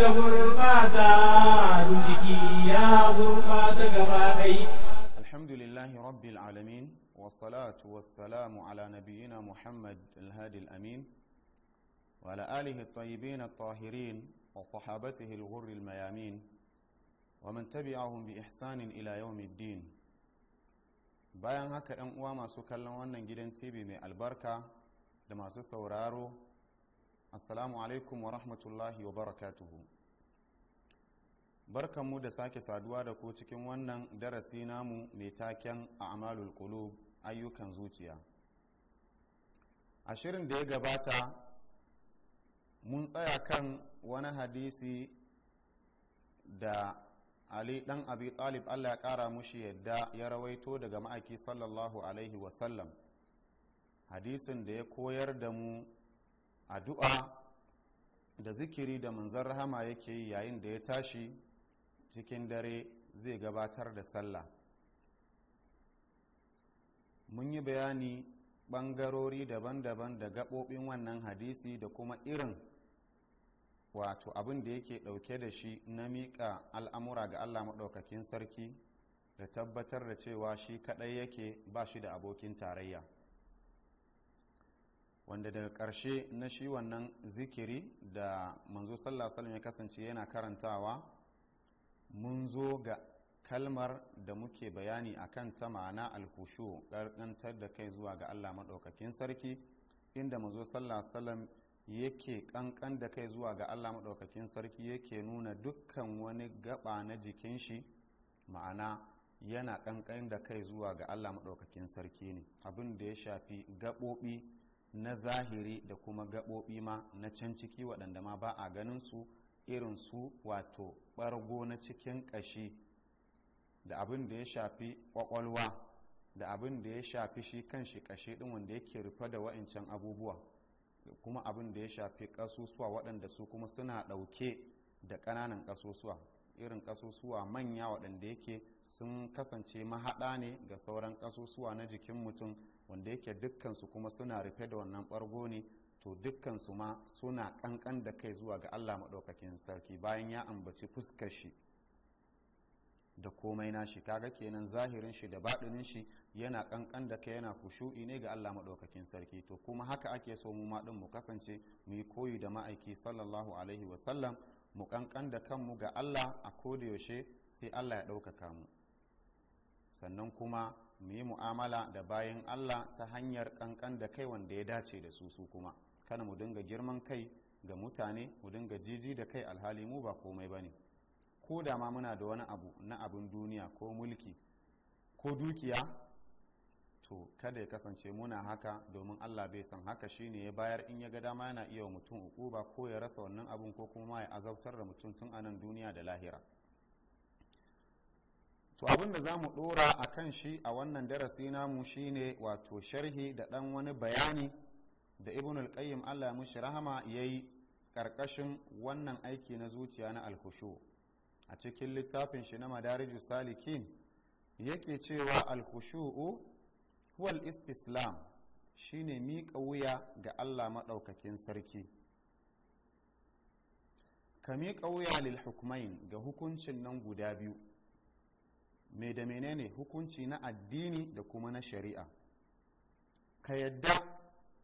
da gurbata jiki ya gurbata gaba ɗai alhamdulillahi rabbil alamin wassalatu wassalamu ala nabiyyina muhammad alhadi amin wa ala alihi at-tayyibin tahirin wa sahabatihi al-ghurr al-mayamin wa man tabi'ahum bi ihsanin ila yawmiddin bayan haka ɗan uwa masu kallon wannan gidan tv mai albarka da masu sauraro assalamu alaikum wa rahmatullahi wa barakatuhu barkanmu da sake saduwa da ku cikin wannan darasi namu mai taken a'malul qulub ayyukan zuciya a shirin da ya gabata mun tsaya kan wani hadisi da ali dan abi talib allah ya kara mushi yadda ya rawaito daga ma'aiki sallallahu alaihi wasallam hadisin da ya koyar da mu addu'a da zikiri da manzan rahama yake yi yayin da ya tashi cikin dare zai gabatar da sallah mun yi bayani ɓangarori daban-daban da gaɓoɓin wannan hadisi da kuma irin wato abin da yake ɗauke da shi na miƙa al'amura ga allah maɗaukakin sarki da tabbatar da cewa shi kaɗai yake ba shi da abokin tarayya wanda daga ƙarshe na shi wannan zikiri da manzo sallallahu ya kasance yana karantawa mun zo ga kalmar da muke bayani a kan ta ma'ana alkushu ƙarƙantar da kai zuwa ga allah maɗaukakin sarki inda manzo sallallahu yake ƙanƙan da kai zuwa ga allah maɗaukakin sarki yake nuna dukkan wani gaba na jikin shi ma'ana yana ƙanƙan da kai zuwa ga allah maɗaukakin sarki ne abin da ya shafi gaɓoɓi na zahiri da kuma gaɓoɓi ma na can ciki waɗanda ma ba a ganin su irin su wato ɓargo na cikin ƙashi da abin da ya shafi ƙwaƙwalwa da abin da ya shafi shi kan shi ƙashi ɗin wanda yake rufe da wa'incan abubuwa da kuma abin da ya shafi ƙasusuwa waɗanda su kuma suna ɗauke da ƙananan ƙasusuwa irin ƙasusuwa manya waɗanda yake sun kasance mahaɗa ne ga sauran ƙasusuwa na jikin mutum wanda yake dukkansu kuma suna rufe da wannan bargo ne to dukkansu ma suna ƙanƙan da kai zuwa ga allah maɗaukakin sarki bayan ya ambaci fuskar shi da komai na nashi kaga kenan zahirin shi da baɗinin shi yana ƙanƙan da kai yana kushu'i ne ga Allah maɗaukakin sarki to kuma haka ake so mu maɗin mu kasance mu yi koyi da ma'aiki sallallahu alaihi wasallam mu ƙanƙan da kanmu ga Allah a koda yaushe sai Allah ya ɗaukaka mu sannan kuma mu yi mu'amala da bayan allah ta hanyar kankan da kai wanda ya dace da su su kuma kana mu dinga girman kai ga mutane mu dinga jiji da kai alhali mu ba komai ba ne ko da ma muna da wani abu na abin duniya ko mulki ko dukiya to kada ya kasance muna haka domin allah bai san haka shine ya bayar in ya ga dama yana iya mutum uku ba ko ya rasa wannan abun ko kuma ya azabtar da mutum tun anan duniya da lahira to abin da za mu dora a kan shi a wannan darasi namu shine wato sharhi da dan wani bayani da ibn al-qayyim Allah ya mushi rahama yayi ƙarƙashin wannan aiki na zuciya na alkhushu a cikin littafin shi na madariju salikin yake cewa alkhushu'u huwal istislam shine miƙa wuya ga Allah maɗaukakin sarki ka miƙa wuya lil hukumain ga hukuncin nan guda biyu mai da menene hukunci na addini da kuma na shari'a ka yadda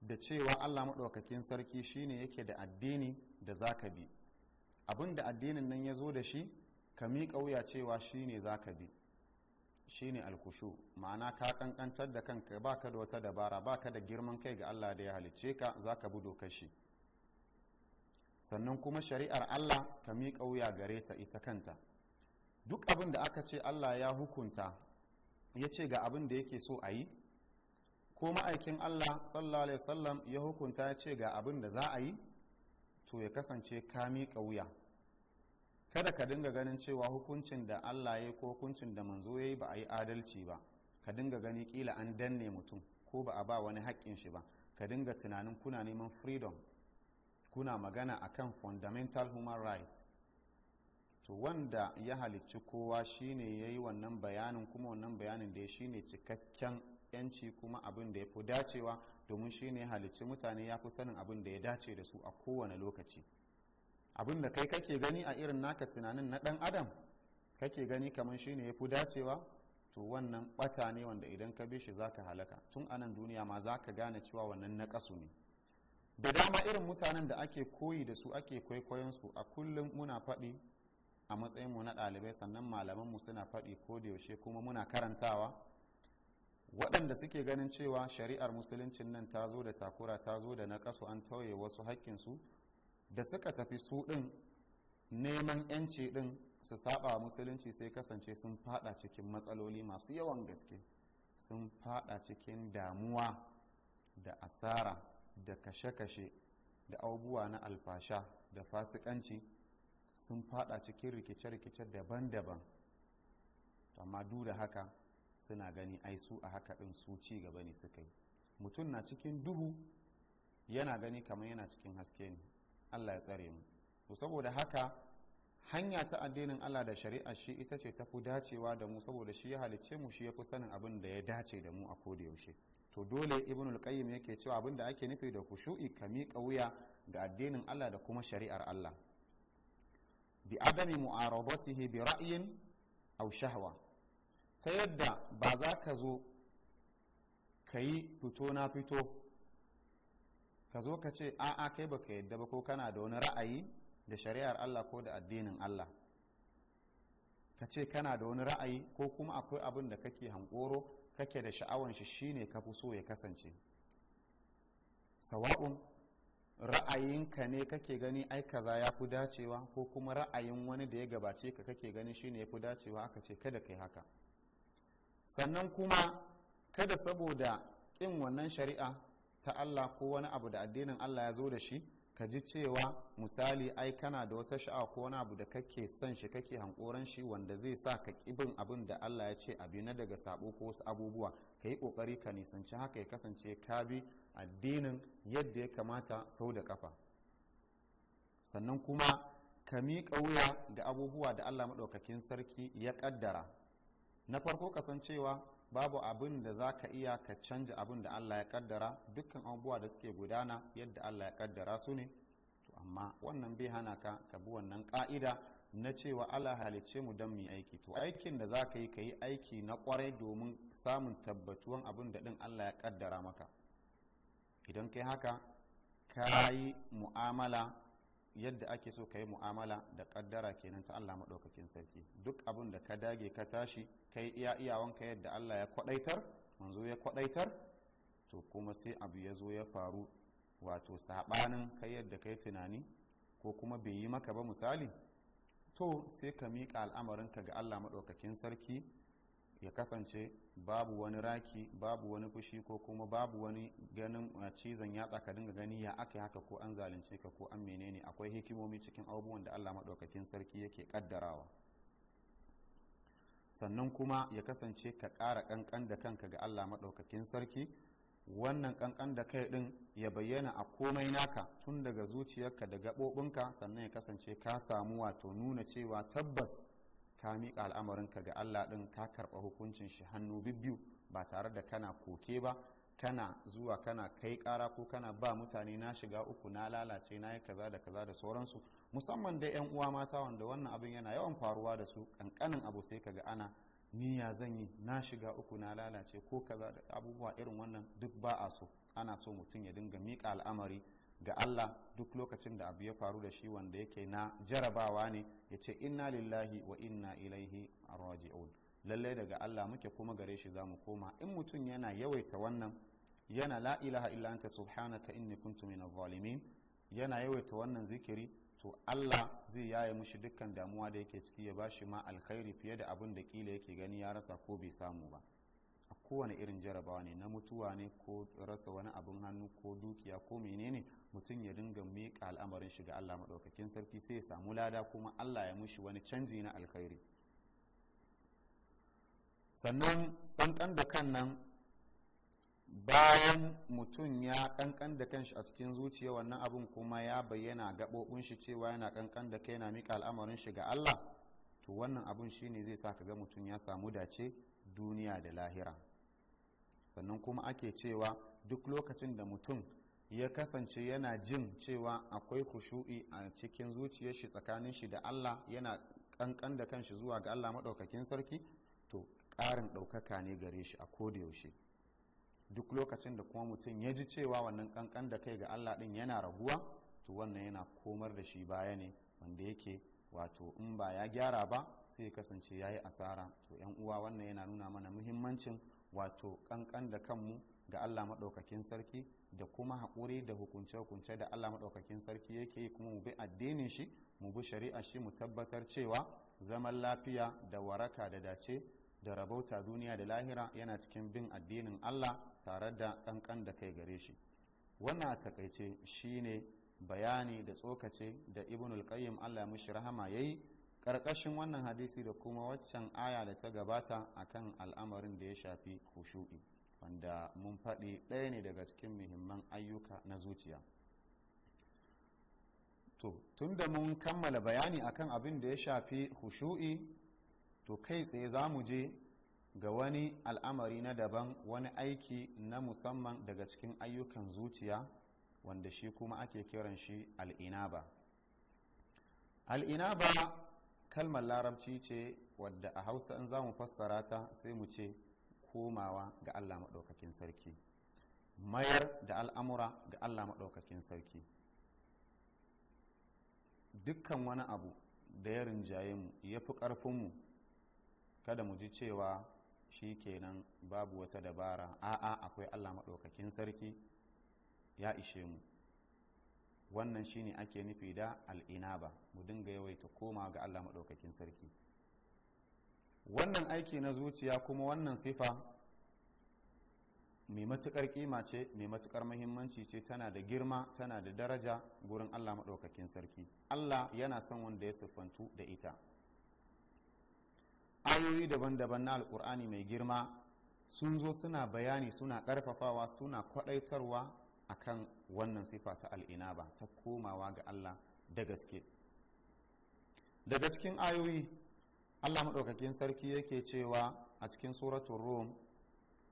da cewa allah maɗaukakin sarki shine yake da addini da za ka bi abin da addinin nan ya zo da shi ka miƙa wuya cewa shine za ka bi shine alkushu ma'ana ka ƙanƙantar da kanka baka da wata dabara baka da girman kai ga allah da ya halicce ka za ka bi dokar shi sannan kuma shari'ar allah ka miƙa wuya gare ta ita kanta duk abin da aka ce allah ya hukunta ya ce ga abin da yake so a yi ko ma'aikin allah sallallahu alaihi wasallam ya hukunta ya ce ga abin da za a yi to ya kasance kami miƙa wuya kada ka dinga ganin cewa hukuncin da allah ya ko hukuncin da manzo ya yi ba a yi adalci ba ka dinga gani kila an danne mutum ko ba a ba wani haƙƙin shi ba ka dinga tunanin kuna neman freedom kuna magana akan fundamental human rights to wanda ya halicci kowa shine ya yi wannan bayanin kuma wannan bayanin da ya shine cikakken yanci kuma abin da ya fi dacewa domin shine ya halicci mutane ya fi sanin abin da ya dace da su a kowane lokaci abin da kai kake gani a irin naka tunanin na dan adam kake gani kamar shine ya fi dacewa to wannan bata ne wanda idan ka bi shi zaka halaka tun anan duniya ma zaka gane cewa wannan na ne da dama irin mutanen da ake koyi da su ake kwaikwayon su a kullum muna faɗi a matsayin mu na ɗalibai sannan malaman mu suna faɗi ko da yaushe kuma muna karantawa waɗanda suke ganin cewa shari'ar musuluncin nan ta zo da takura ta zo da na kasu an tauye wasu su? da suka tafi su ɗin neman 'yanci ɗin su saba musulunci sai kasance sun fada cikin matsaloli masu yawan gaske sun fada cikin damuwa da asara da kashe-kashe da abubuwa na alfasha da fasikanci sun fada cikin rikice-rikice daban-daban amma duk da haka suna gani ai su a haka ɗin su ci gaba ne suka yi mutum na cikin duhu yana gani kamar yana cikin haske ne allah ya tsare mu to saboda haka hanya ta addinin allah da shari'a shi ita ce ta fi dacewa da mu saboda shi ya halicce mu shi ya fi sanin abin da ya dace da mu a koda yaushe to dole ibn al yake cewa abin da ake nufi da kushu'i ka miƙa wuya ga addinin allah da kuma shari'ar allah adami mu'aradatihi bi ra'yin aw shahwa ta yadda ba za ka zo ka yi fito na fito ka zo ka ce a'a kai baka yadda ba ko kana da wani ra'ayi da shari'ar Allah ko da addinin Allah ka ce kana da wani ra'ayi ko kuma akwai abin da kake hankoro kake da sha'awar shi shine ka fi so ya kasance sawa'un ra'ayinka ne kake gani ai kaza ya fi dacewa ko kuma ra'ayin wani da ya gabace ka kake gani shine ya fi dacewa aka ce kada kai haka sannan kuma kada saboda ƙin wannan shari'a ta Allah ko wani abu da addinin Allah ya zo da shi ka ji cewa misali ai kana da wata sha'a ko wani abu da kake son shi kake hankoran shi wanda zai sa ka bin abin da Allah ya ce abi na daga sabo ko wasu abubuwa ka yi ƙoƙari ka nisanci haka ya kasance ka bi addinin yadda ya kamata sau da ƙafa sannan kuma ka miƙa wuya ga abubuwa da allah maɗaukakin sarki ya ƙaddara na farko kasancewa babu abin da za ka iya ka canja abin da allah ya ƙaddara dukkan abubuwa da suke gudana yadda allah ya ƙaddara su ne to amma wannan bai hana ka ka bi wannan ƙa'ida na cewa Allah halicce mu don mu aiki to aikin da za ka yi ka yi aiki na kwarai domin samun tabbatuwan abin da ɗin Allah ya kaddara maka idan kai haka ka yi mu'amala yadda ake so ka yi mu'amala da kaddara kenan ta Allah maɗaukakin sarki duk abin da ka dage ka tashi ka yi iya iyawanka yadda Allah ya kwaɗaitar manzo ya kwaɗaitar to kuma sai abu ya zo ya faru wato saɓanin kai yadda ka yi tunani ko kuma bai yi maka ba misali to sai ka miƙa al'amarinka ga allah maɗaukakin sarki ya kasance babu wani raki babu wani fushi ko kuma babu wani ganin cizon yatsa ka dinga gani ya aka haka ko an zalunce ka ko an menene akwai hikimomi cikin abubuwan da allah maɗaukakin sarki yake ƙaddarawa sannan kuma ya kasance ka ƙara ƙanƙan da kanka ga allah maɗaukakin sarki wannan kankan da kai din ya bayyana a komai naka tun daga zuciyarka da gaɓoɓinka sannan ya kasance ka samu wato nuna cewa tabbas ka miƙa al'amarinka ga allah din ka karɓa hukuncin shi hannu bibbiyu ba tare da kana koke ba kana zuwa kana kai ƙara ko kana ba mutane na shiga uku na lalace na yi kaza da kaza da sauransu musamman dai 'yan uwa mata wanda wannan abin yana yawan faruwa da su kankanin abu sai kaga ana niyya zan yi na shiga uku na lalace ko kaza da abubuwa irin wannan duk ba a so ana so mutum ya dinga miƙa al'amari ga Allah duk lokacin da abu ya faru da shi wanda yake na jarabawa ne ya ce inna lillahi wa inna ilaihi raji'un lallai daga Allah muke kuma gare shi za mu koma in mutum yana yawaita wannan yana la ilaha illa anta subhanaka inni kuntu minadh zalimin yana yawaita wannan zikiri to Allah zai yaye mushi dukkan damuwa da yake ciki ya bashi ma alkhairi fiye da abin da kila yake gani ya rasa ko bai samu ba a kowane irin jarabawa ne na mutuwa ne ko rasa wani abin hannu ko dukiya ko menene mutum ya dinga miƙa al'amarin shi Allah maɗaukakin sarki sai ya samu lada kuma Allah ya mushi wani canji na alkhairi sannan ɗanɗan da kan nan bayan mutum ya kankan da kanshi a cikin zuciya wannan abin kuma ya bayyana gaɓoɓin shi cewa yana kankan da kai yana mika al'amarin shi ga Allah to wannan abin shine zai sa ka ga mutum ya samu dace duniya da lahira sannan kuma ake cewa duk lokacin da mutum ya kasance yana jin cewa akwai kushu'i a cikin zuciyar shi tsakanin shi da Allah yana kankan da kanshi zuwa ga Allah maɗaukakin sarki to ƙarin ɗaukaka ne gare shi a koda yaushe duk lokacin da kuma mutum ya ji cewa wannan kankan da kai ga Allah din yana raguwa to wannan yana komar da shi baya ne wanda yake wato in ba ya gyara ba sai ya kasance ya yi asara to yan uwa wannan yana nuna mana muhimmancin wato kankan da kanmu ga Allah maɗaukakin sarki da kuma haƙuri da hukunce-hukunce da Allah maɗaukakin sarki yake yi kuma mu bi addinin shi mu bi shari'a shi mu tabbatar cewa zaman lafiya da waraka da dace da rabauta duniya da lahira yana cikin bin addinin Allah tare da kankan da kai gare shi wannan a takaice shine bayani da tsokace da ibnul qayyim Allah ya mushi rahama yayi ƙarƙashin wannan hadisi da kuma waccan aya da ta gabata akan al'amarin da ya shafi kushu'i wanda mun faɗi ɗaya ne daga cikin muhimman ayyuka na zuciya to tunda mun kammala bayani akan abin da ya shafi khushu'i to kai tsaye za mu je ga wani al'amari na daban wani aiki na musamman daga cikin ayyukan zuciya wanda shi kuma ake kiran shi al'inaba al'inaba kalmar larabci ce wadda a hausa in za mu fassara ta sai mu ce komawa ga allah maɗaukakin sarki mayar da al'amura ga allah maɗaukakin sarki dukkan wani abu da ya rinjaye mu ya fi ƙarfinmu kada mu ji cewa shi kenan babu wata dabara a'a akwai allah maɗaukakin sarki ya ishe mu wannan shine ake nufi da al'inaba mu dinga yawaita koma ga allah maɗaukakin sarki wannan aiki na zuciya kuma wannan sifa mai matuƙar kima ce mai matuƙar mahimmanci ce tana da girma tana da daraja gurin allah maɗaukakin sarki allah yana son wanda ya siffantu da ita ayoyi daban-daban na alkur'ani mai girma sun zo suna bayani suna ƙarfafawa suna kwaɗaitarwa akan wannan sifa ta al'inaba ta komawa ga allah da gaske daga cikin ayoyi allah maɗaukakin sarki yake cewa a cikin suratun rom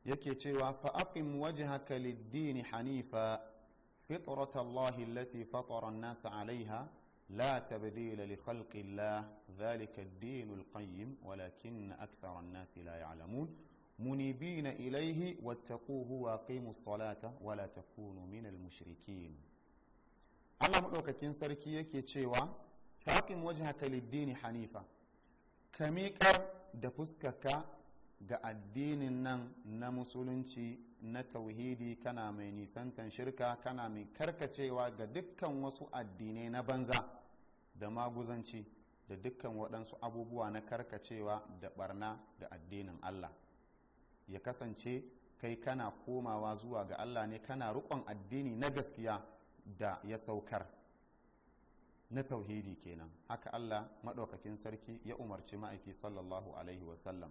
yake cewa fa'afin waje haka liddini hanifa fitratallahi lati fatoron nasa alaiha La tabbaila likal qillah da lika Dinu Lqayyim walakin na akta ran na sila ya calaamun muni biyu na ilaihi wata kuhu wa kaimusa solaata wala takuna minal mushrikin. allah lama Sarki yake cewa, "Ka haƙƙin wajen Akalidini Hanifa, ka miƙa da kuskaka ga addinin nan na Musulunci na Tauhidi kana mai nisantan shirka kana mai karkacewa ga dukkan wasu addinai na banza. da maguzanci da dukkan waɗansu abubuwa na karkacewa da barna da addinin Allah ya kasance kai kana komawa zuwa ga Allah ne kana rukon addini na gaskiya da ya saukar na tauhidi kenan haka Allah maɗaukakin sarki ya umarci ma'aiki sallallahu alaihi wasallam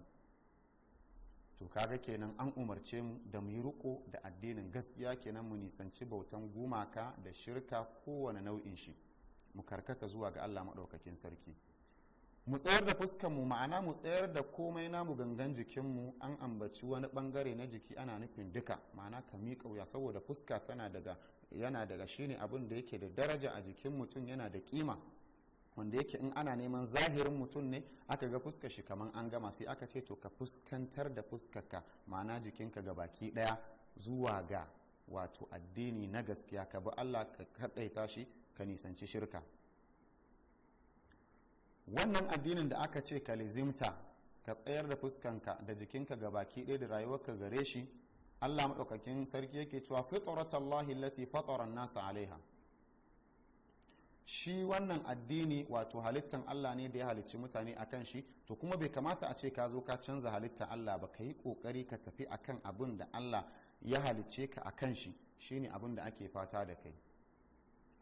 to kaga kenan an umarce mu da mu yi riko da addinin gaskiya kenan mu nisanci bautan gumaka da shirka kowane nau'in shi mu karkata zuwa ga Allah maɗaukakin sarki mu tsayar da fuskanmu ma'ana mu tsayar da komai na mu gangan jikinmu an ambaci wani bangare na jiki ana nufin duka ma'ana ka miƙa wuya saboda fuska tana daga yana daga shine abin da yake da daraja a jikin mutum yana da kima wanda yake in ana neman zahirin mutum ne aka ga fuska shi kamar an gama sai aka ce to ka fuskantar da fuskarka ma'ana jikinka ga baki daya zuwa ga wato addini na gaskiya ka bi Allah ka kaɗaita shi ka nisanci shirka wannan addinin da aka ce ka lizimta ka tsayar da fuskanka da jikinka ga baki ɗaya da rayuwarka gare shi allah maɗaukakin sarki yake cewa fitratallahi lati fatara nasa alaiha shi wannan addini wato halittan Allah ne da ya halicci mutane akan shi to kuma bai kamata a ce ka zo ka canza halittan Allah ba ka yi kokari ka tafi akan abin da Allah ya halicce ka a kan shi shine abin da ake fata da kai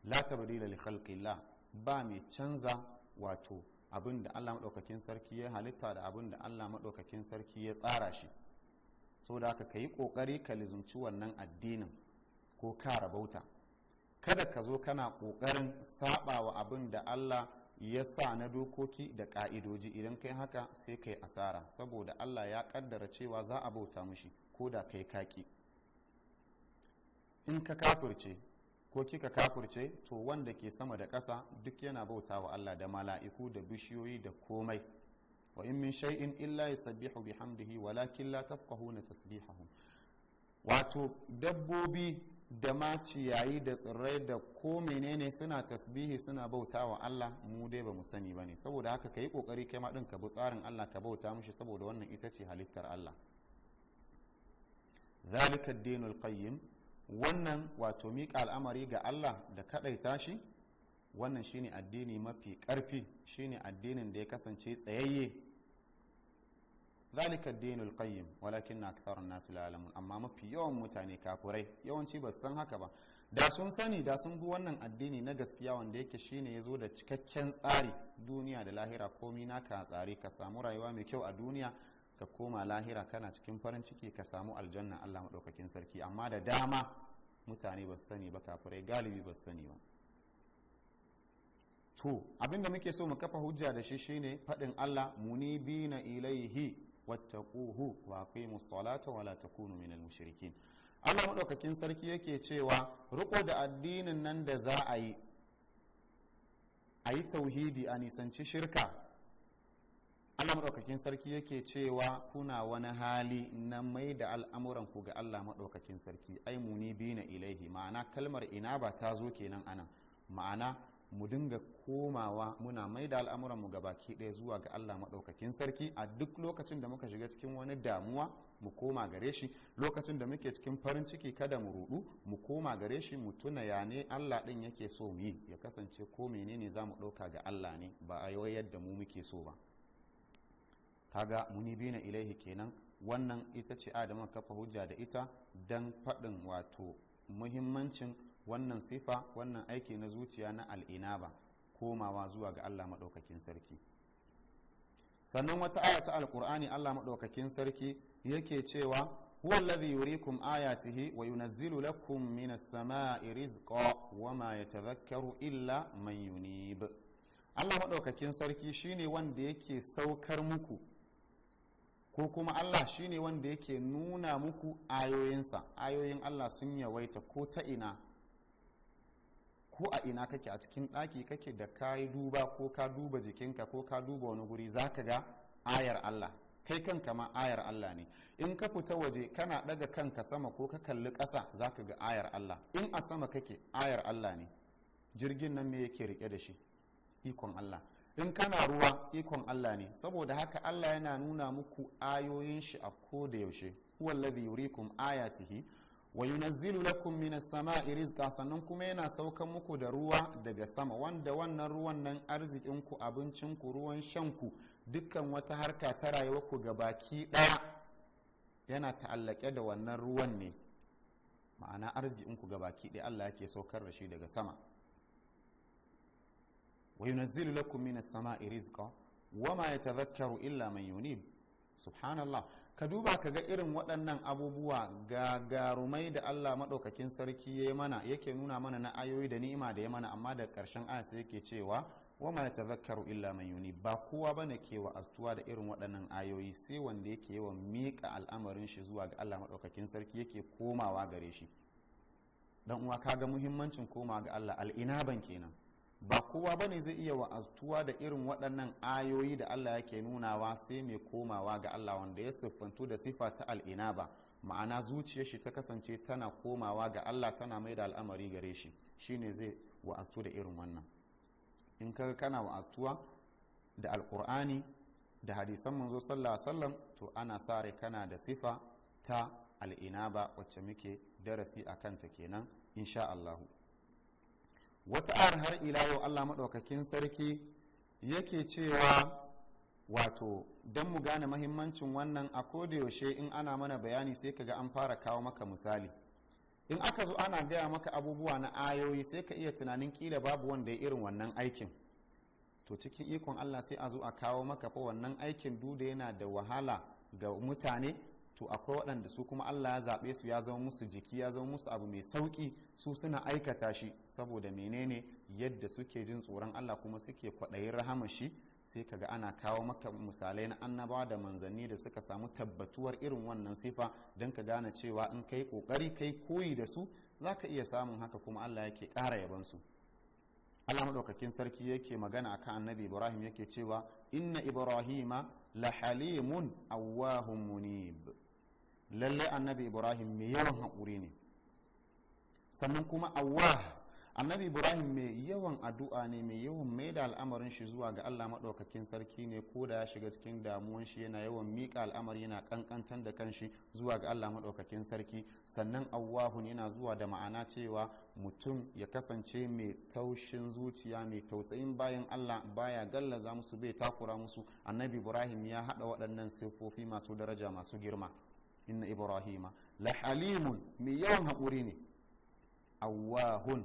la tabdila li la ba mai canza wato abin da Allah madaukakin sarki ya halitta da abin da Allah maɗaukakin sarki ya tsara shi da haka ka yi kokari ka lizumci wannan addinin ko ka rabauta kada ka zo kana kokarin sabawa abin da Allah ya sa na dokoki da ƙa'idoji idan kai haka sai kai asara saboda Allah ya kaddara cewa za a bauta mushi ko da kai kaki in ka kafirce ko kika kafurce to wanda ke sama da ƙasa duk yana bauta wa Allah da mala'iku da bishiyoyi da komai wa in min shay'in illa yusabbihu bihamdihi walakin la tafqahuna tasbihahum wato dabbobi da maciyayi da tsirrai da ko menene suna tasbihi suna bauta wa Allah mu dai ba mu sani ba ne saboda haka ka yi kokari kai ma din ka bi tsarin Allah ka bauta mushi saboda wannan ita ce halittar Allah zalika dinul qayyim wannan wato miƙa al'amari ga allah da kaɗaita shi wannan shine addini mafi ƙarfi shine addinin da ya kasance tsayayye zalika addinul qayyim walakin na aktharun nasu amma mafi yawan mutane kafurai yawanci ba san haka ba da sun sani da sun bi wannan addini na gaskiya wanda yake shine yazo da cikakken tsari duniya da lahira komi naka tsari ka samu rayuwa mai kyau a duniya ka koma lahira kana cikin farin ciki ka samu aljanna Allah madaukakin sarki amma da dama mutane ba sani ba kafirai galibi ba sani ba to abinda muke so mu kafa hujja da shi shine faɗin Allah na ilaihi wattaquhu wa aqimus salata wa la takunu minal mushrikin Allah madaukakin sarki yake cewa riko da addinin nan da za a yi a yi tauhidi a nisanci shirka Allah maɗaukakin sarki yake cewa kuna wani hali na mai da al'amuran ku ga Allah maɗaukakin sarki ai muni biyu na ilaihi ma'ana kalmar ina ba ta zo kenan anan ma'ana mu dinga komawa muna mai da al'amuran mu baki ɗaya zuwa ga Allah maɗaukakin sarki a duk lokacin da muka shiga cikin wani damuwa mu koma gare shi lokacin da muke cikin farin ciki kada mu rudu mu koma gare shi mu tuna ya ne Allah ɗin yake so mu yi ya kasance ko menene za mu ɗauka ga Allah ne ba a yi yadda mu muke so ba. kaga muni bina ilaihi kenan wannan ita ce adama kafa hujja da ita dan faɗin wato muhimmancin wannan sifa wannan aiki na zuciya na al'inaba komawa zuwa ga allah maɗaukakin sarki sannan wata aya ta alkur'ani allah maɗaukakin sarki yake cewa huwa alladhi yurikum ayatihi wa yunazzilu lakum minas sama'i rizqa wa ma yatadhakkaru illa man yunib allah maɗaukakin sarki shine wanda yake saukar muku ko kuma Allah shine wanda yake nuna muku ayoyinsa ayoyin Allah sun yawaita ko ta ina ko a ina kake a cikin ɗaki kake da ka yi duba ko ka duba jikinka ko ka duba wani guri za ka ga ayar Allah kai kanka ma ayar Allah ne in ka fita waje kana ɗaga kanka sama ko ka kalli ƙasa za ka ga ayar Allah in a sama kake ayar Allah ne jirgin nan me yake rike da shi ikon Allah in kana ruwa ikon Allah ne saboda haka Allah yana nuna muku ayoyin shi a koda yaushe huwa alladhi yurikum ayatihi wa yunazzilu lakum minas sama'i rizqan sannan kuma yana saukan muku da ruwa daga sama wanda wannan ruwan nan arzikin ku abincin ku ruwan shan ku dukkan wata harka ta rayuwar ku baki daya yana ta'allake da wannan ruwan ne ma'ana arzikin ku baki daya Allah yake saukar da shi daga sama wa yunazzilu lakum minas wa rizqa wama yatadhakkaru illa man subhanallah ka duba ka ga irin waɗannan abubuwa gagarumai da Allah maɗaukakin sarki ya mana yake nuna mana na ayoyi da ni'ima da ya mana amma da ƙarshen ayasa yake cewa wama yatadhakkaru illa mai yuni ba kowa ba bane ke wa'aztuwa da irin waɗannan ayoyi sai wanda yake yawan miƙa al'amarin shi zuwa ga Allah maɗaukakin sarki yake komawa gare shi dan uwa kaga muhimmancin komawa ga Allah al'inaban kenan ba kowa bane zai iya wa'aztuwa da irin waɗannan ayoyi da Allah yake nunawa sai mai komawa ga Allah wanda ya siffantu da sifa ta al'ina ba, ma'ana zuciyar shi ta kasance tana komawa ga Allah tana mai da al'amari gare shi shine zai wa'aztu da irin wannan in ka kana wa'aztuwa da alkur'ani da hadisan manzo sallallahu to ana sa rai kana da sifa ta al'ina ba wacce muke darasi a kanta kenan insha Allahu wata ayar har ila yau allah maɗaukakin sarki yake cewa wato don mu gane mahimmancin wannan a yaushe in ana mana bayani sai ka ga an fara kawo maka misali in aka zo ana gaya maka abubuwa na ayoyi sai ka iya tunanin kila babu wanda ya irin wannan aikin to cikin ikon allah sai a zo a kawo maka fa wannan aikin da yana da wahala ga mutane to akwai waɗanda su kuma Allah ya zaɓe su ya zama musu jiki ya zama musu abu mai sauƙi su suna aikata shi saboda menene yadda suke jin tsoron Allah kuma suke kwaɗayin rahama shi sai kaga ana kawo maka misalai na annabawa da manzanni da suka samu tabbatuwar irin wannan sifa don ka gane cewa in kai ƙoƙari kai koyi da su za ka iya samun haka kuma Allah yake ƙara yabansu Allah maɗaukakin sarki yake magana akan annabi Ibrahim yake cewa inna Ibrahima la halimun awwahun munib lallai annabi ibrahim mai yawan haƙuri ne sannan kuma awwa annabi ibrahim mai yawan addu'a ne mai yawan mai da al'amarin shi zuwa ga allah maɗaukakin sarki ne ko da ya shiga cikin damuwan shi yana yawan miƙa al'amari yana ƙanƙantar da kanshi zuwa ga allah maɗaukakin sarki sannan awwahun yana zuwa da ma'ana cewa mutum ya kasance mai taushin zuciya mai tausayin bayan allah baya gallaza musu bai takura musu annabi ibrahim ya haɗa waɗannan siffofi masu daraja masu girma inna ibrahima la halimun mai yawan haƙuri ne awahun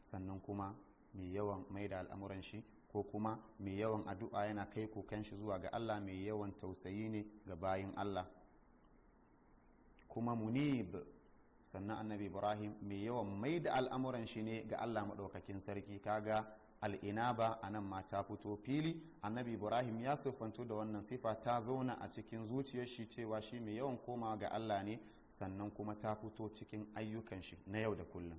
sannan kuma mai yawan mai da al'amuran shi ko kuma mai yawan addu'a yana kai kokan shi zuwa ga Allah mai yawan tausayi ne ga bayin Allah kuma munib sannan annabi ibrahim mai yawan mai da al'amuran shi ne ga Allah maɗaukakin sarki kaga al'ina ba a nan ma ta fito fili annabi ibrahim ya siffantu da wannan sifa ta zauna a cikin zuciyar shi cewa shi mai yawan koma ga allah ne sannan kuma ta fito cikin ayyukan shi na yau da kullum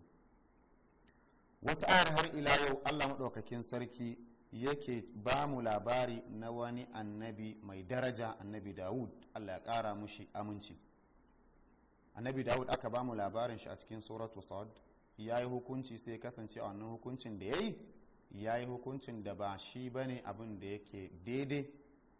wata ayar har ila yau allah maɗaukakin sarki yake ba mu labari na wani annabi mai daraja annabi dawud allah ya ƙara mushi aminci annabi dawud aka ba mu labarin shi a cikin suratu sa'ad ya yi hukunci sai kasance a wannan hukuncin da ya yi ya yi hukuncin da ba shi ba ne abin da yake daidai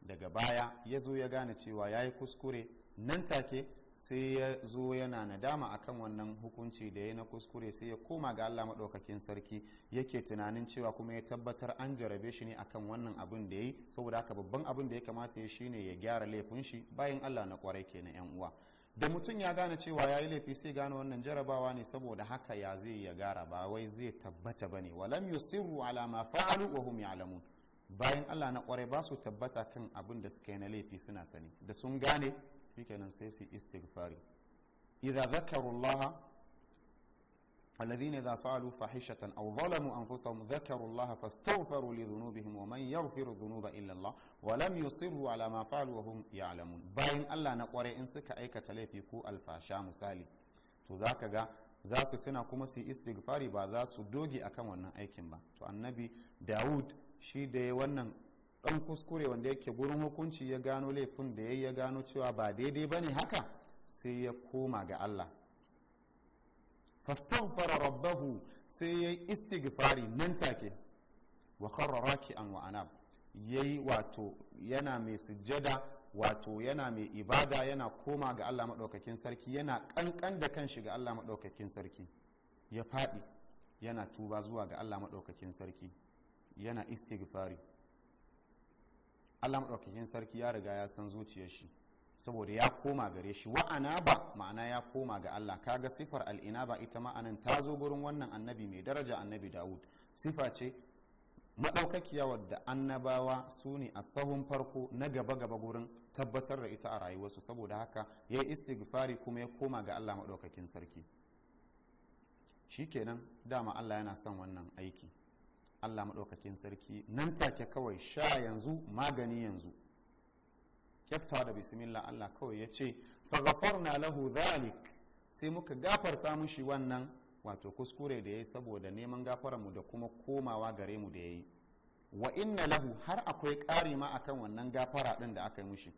daga baya ya zo ya gane cewa ya yi kuskure nan take sai ya zo yana nadama akan wannan hukunci da ya na kuskure sai ya koma ga allah maɗaukakin sarki yake tunanin cewa kuma ya tabbatar an jarabe shi ne akan wannan abin da ya yi saboda haka babban abin da ya kamata ya shine ya gyara laifin shi bayan allah na kwarai ke na yan uwa da mutum ya gane cewa ya yi laifi sai gane wannan jarabawa ne saboda haka ya zai ya gara ba wai zai tabbata ba ne walam yusirru ala ma fa'alu wa hum ya'lamun bayan Allah na kware ba su tabbata kan abin da suka yi na laifi suna sani da sun gane shikenan sai su istighfari idza zakarullaha الذين إذا فعلوا فاحشة أو ظلموا أنفسهم ذكروا الله فاستغفروا لذنوبهم ومن يغفر الذنوب إلا الله ولم يصروا على ما فعلوا وهم يعلمون باين الله نقوري إن سكا أيكا تلفي كو الفاشا مسالي تو ذاك za su tuna kuma su yi istighfari ba za su doge akan wannan aikin ba to annabi dawud shi da ya wannan dan kuskure wanda yake gurin hukunci ya gano laifin da ya ya gano cewa ba daidai bane haka sai ya koma ga allah fastaghfara rabbahu sai yayi istighfari nan take wa kharra raki'an wa anab yayi wato yana mai sujjada wato yana mai ibada yana koma ga Allah madaukakin sarki yana kankan da kanshi ga Allah madaukakin sarki ya faɗi yana tuba zuwa ga Allah madaukakin sarki yana istighfari Allah madaukakin sarki ya riga ya san zuciyar shi saboda ya koma gare shi wa'ana ba ma'ana ya koma ga Allah kaga sifar al'ina ba ita ma'anan ta zo gurin wannan annabi mai daraja annabi Dawud sifa ce maɗaukakiya wadda annabawa su ne a sahun farko na gaba-gaba gurin tabbatar da ita a rayuwarsu saboda haka ya yi istighfari kuma ya koma ga Allah maɗaukakin sarki shikenan dama Allah yana son wannan aiki Allah maɗaukakin sarki nan take kawai sha yanzu magani yanzu kyafta da bismillah Allah kawai ya ce na lahu dhalik sai muka gafarta mushi wannan wato kuskure da ya saboda neman gafaranmu da kuma komawa gare mu da ya yi wa inna lahu har akwai ƙari ma akan wannan gafara ɗin da aka yi mushi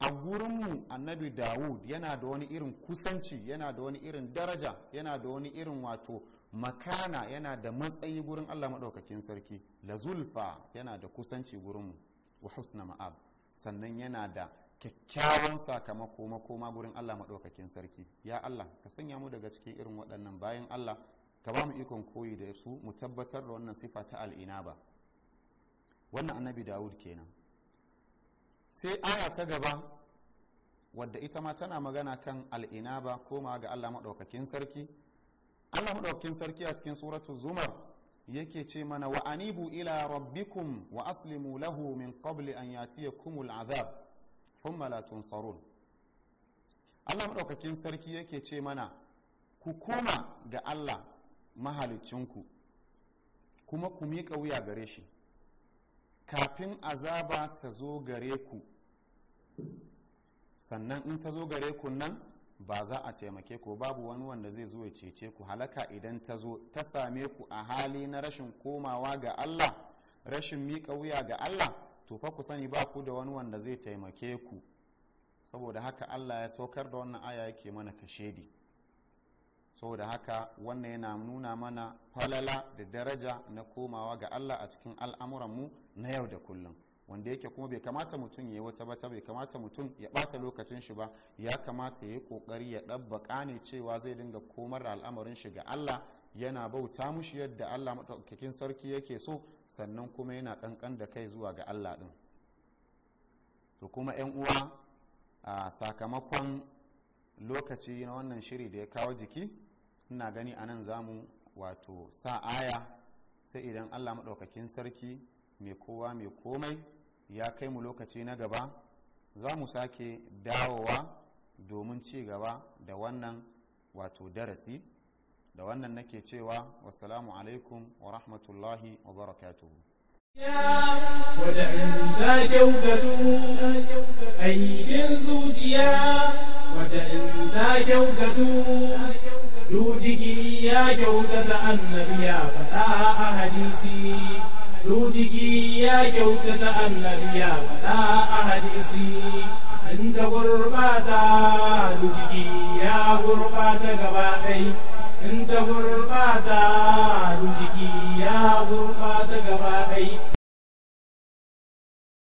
a gurinmu annabi dawud yana da wani irin kusanci yana da wani irin daraja yana da wani irin wato makana yana da matsayi gurin allah maɗaukakin sarki la zulfa yana da kusanci gurinmu wa husna ma'ab sannan yana da kyakkyawan sakamako makoma gurin Allah maɗaukakin sarki ya Allah ka sanya mu daga cikin irin waɗannan bayan Allah ka ba mu ikon koyi da su mu tabbatar da wannan sifa ta al'ina ba. wannan annabi Dawud kenan sai aya ta gaba wadda ita ma tana magana kan al'ina ba koma ga Allah maɗaukakin sarki Allah maɗaukakin sarki a cikin suratun zumar yake ce mana wa anibu ila rabbikum wa aslimu lahu min qabli an yatiyakum azab thumma la tunsarun Allah madaukakin sarki yake ce mana ku koma ga Allah ku kuma ku miƙa wuya gare shi kafin azaba ta zo gare ku sannan in ta zo gare ku nan ba za a taimake ku babu wani wanda zai zo ya cece ku halaka idan ta zo ta same ku a hali na rashin komawa ga Allah rashin miƙa wuya ga Allah to fa ku sani ba ku da wani wanda zai taimake ku saboda haka Allah ya saukar da wannan aya yake mana kashedi saboda haka wannan yana nuna mana falala da daraja na komawa ga Allah a cikin al'amuran mu na yau da kullum wanda yake kuma bai kamata mutum ya yi wata bata bai kamata mutum ya bata lokacin shi ba ya kamata ya yi kokari ya ɗabbaƙa ne cewa zai dinga komar da al'amarin shi ga Allah yana bauta mushi yadda Allah matakakin sarki yake so sannan kuma yana ƙanƙan da kai zuwa ga Allah ɗin to kuma 'yan uwa a sakamakon lokaci na wannan shiri da ya kawo jiki ina gani a nan zamu wato sa aya sai idan Allah maɗaukakin sarki mai kowa mai komai ya kai mu lokaci na gaba za mu sake dawowa domin ci gaba da wannan wato darasi da wannan nake cewa wasalamu alaikum wa rahmatullahi wa barakatuhu wada'inda kyautatu aikin zuciya wada'inda kyautatu dujiki ya kyautata annabiya ya faɗa a hadisi lujiki ya kyautu na annabi ya a hadisi in ta gurbata ya gurbata gaba ɗai in ta gurbata lujiki ya gurbata gaba ɗai